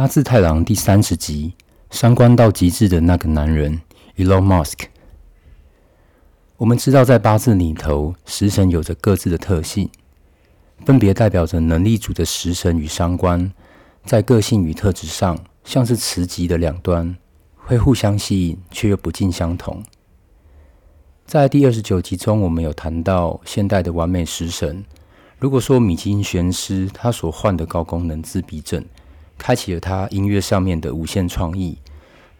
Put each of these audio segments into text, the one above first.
八字太郎第三十集，傷官到極致的那個男人 Elon Musk。我們知道，在八字裡頭，食神有着各自的特性，分別代表着能力組的食神與傷官，在個性與特質上，像是磁極的兩端，會互相吸引，卻又不盡相同。在第二十九集中，我們有談到現代的完美食神。如果說米津玄師他所患的高功能自閉症，開啟了他音樂上面的無限創意，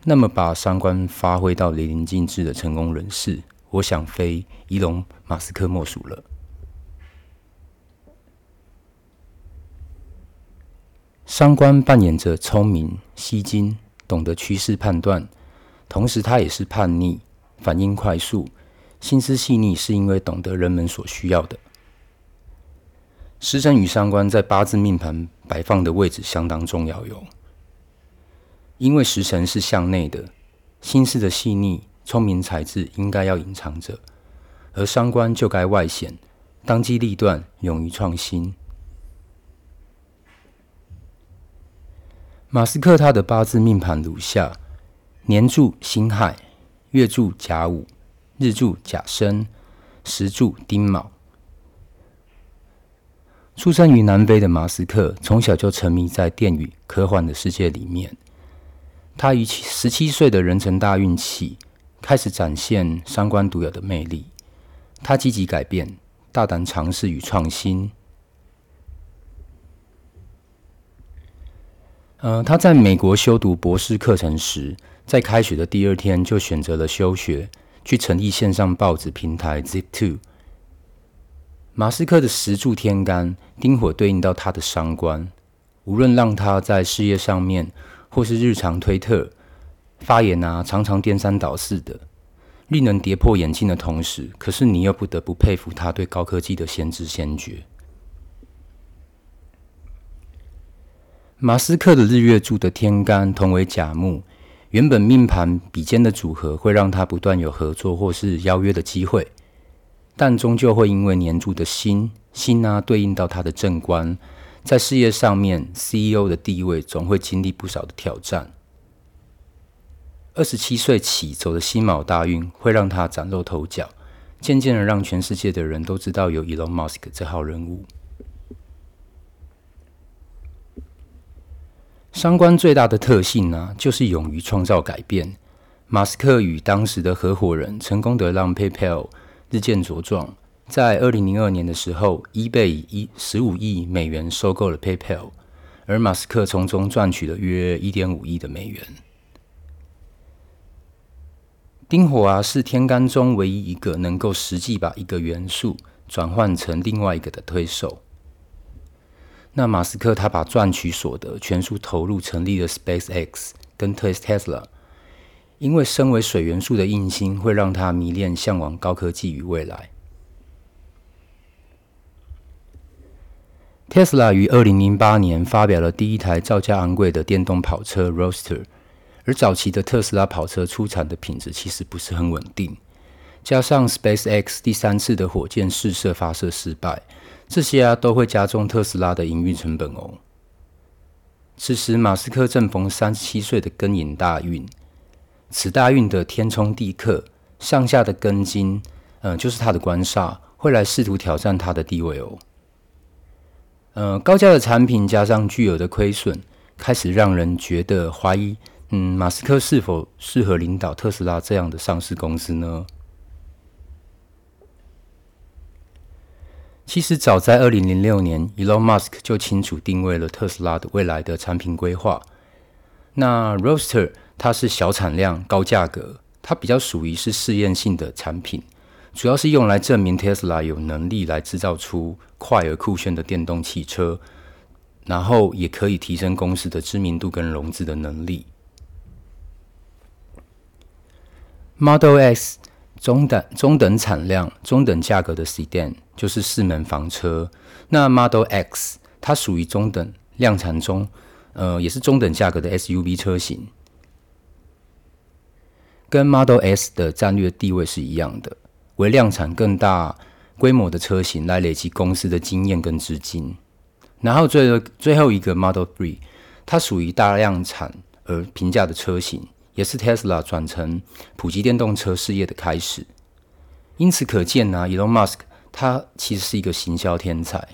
那麼把傷官發揮到淋漓盡致的成功人士，我想非伊隆馬斯克莫屬了。傷官扮演着聰明、吸睛、懂得趨勢判斷，同時他也是叛逆、反應快速、心思細膩，是因為懂得人們所需要的。時辰與傷官在八字命盤擺放的位置相當重要，有，因為時辰是向內的，心思的細膩、聰明才智應該要隱藏着，而傷官就該外顯，當機立斷，勇於創新。馬斯克他的八字命盤如下：年柱辛亥，月柱甲午，日柱甲申，時柱丁卯。出生於南非的馬斯克，從小就沉迷在電影、科幻的世界裡面。他於十七歲的人成大運氣，開始展現傷官獨有的魅力。他積極改變，大膽嘗試與創新。呃，他在美國修讀博士課程時，在開學的第二天就選擇了休學，去成立線上報紙平台 Zip2。馬斯克的時柱天干丁火對應到他的傷官，無論讓他在事業上面或是日常推特發言啊，常常顛三倒四的，令人跌破眼鏡的同時，可是你又不得不佩服他對高科技的先知先覺。馬斯克的日月柱的天干同為甲木，原本命盤比肩的組合，會讓他不斷有合作或是邀約的機會。但終究會因為年柱的辛，辛呢、啊，對應到他的正官，在事業上面，CEO 的地位總會經歷不少的挑戰。二十七歲起走的辛卯大運，會讓他嶄露頭角，漸漸的讓全世界的人都知道有 Elon Musk 這號人物。傷官最大的特性呢、啊，就是勇於創造改變。馬斯克與當時的合夥人，成功的讓 PayPal。日漸茁壯，在二零零二年的時候，eBay 以十五億美元收購了 PayPal，而馬斯克從中賺取了約一點五億的美元。丁火啊，是天干中唯一一個能夠實際把一個元素轉換成另外一個的推手。那馬斯克他把賺取所得全數投入成立了 SpaceX 跟 Tesla。因為身為水元素的印星，會讓他迷戀、嚮往高科技與未來。特斯拉於二零零八年發表了第一台造價昂貴的電動跑車 Roadster，而早期的特斯拉跑車出產的品質其實不是很穩定。加上 SpaceX 第三次的火箭試射發射失敗，這些啊都會加重特斯拉的營運成本哦。此時，馬斯克正逢三十七歲的庚寅大運。此大運的天沖地克上下的庚金，嗯、呃，就是他的官煞會來試圖挑戰他的地位哦。呃，高價的產品加上巨額的虧損，開始讓人覺得懷疑，嗯，馬斯克是否適合領導特斯拉這樣的上市公司呢？其實早在二零零六年，Elon Musk 就清楚定位了特斯拉的未來的產品規劃。那 Roadster 它是小產量、高價格，它比較屬於是試驗性的產品，主要是用來證明 Tesla 有能力來製造出快而酷炫的電動汽車，然後也可以提升公司的知名度跟融資的能力。Model X 中等中等產量、中等價格的 Sedan 就是四門房車。那 Model X 它屬於中等量產中，呃，也是中等價格的 SUV 車型。跟 Model S 的戰略地位是一樣的，為量產更大規模的車型來累積公司的經驗跟資金。然後最後最後一個 Model 3，它屬於大量產而平價的車型，也是 Tesla 轉成普及電動車事業的開始。因此可見呢，啊，Elon Musk 他其實是一個行銷天才。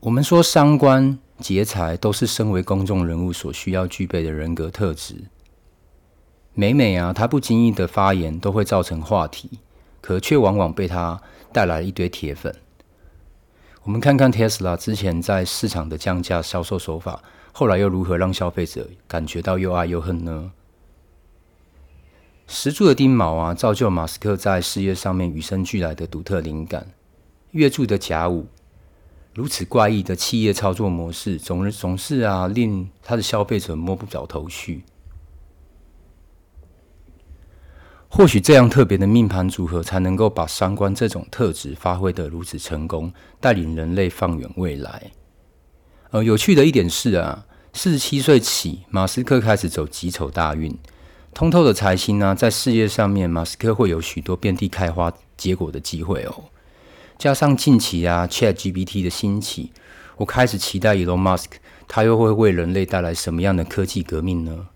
我們說傷官。劫財都是身為公眾人物所需要具備的人格特質。每每啊，他不經意的發言都會造成話題，可卻往往被他帶來一堆鐵粉。我們看看特斯拉之前在市場的降價銷售手法，後來又如何讓消費者感覺到又愛又恨呢？時柱的丁卯啊，造就馬斯克在事業上面與生俱來的獨特靈感。月柱的甲午。如此怪異的企業操作模式，總，總是啊，令他的消費者摸不着頭緒。或許這樣特別的命盤組合，才能夠把傷官這種特質發揮得如此成功，帶領人類放遠未來。呃，有趣的一點是啊，四十七歲起，馬斯克開始走己丑大運，通透的財星呢、啊，在事業上面，馬斯克會有許多遍地開花結果的機會哦。加上近期啊，ChatGPT 的興起，我開始期待 Elon Musk 他又會為人類帶來什麼樣的科技革命呢？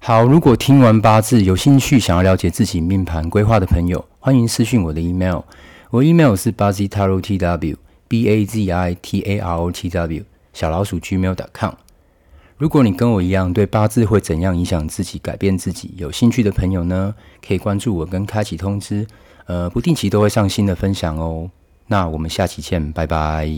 好，如果聽完八字有興趣，想要了解自己命盤規劃的朋友，歡迎私訊我的 email。我 email 是 bazitarotw b a z i t a r o t w 小老鼠 gmail.com。如果你跟我一樣對八字會怎樣影響自己、改變自己有興趣的朋友呢，可以關注我跟開啟通知。呃，不定期都會上新的分享哦。那我們下期見，拜拜。